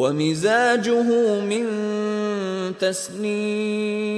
ومزاجه من تسنيم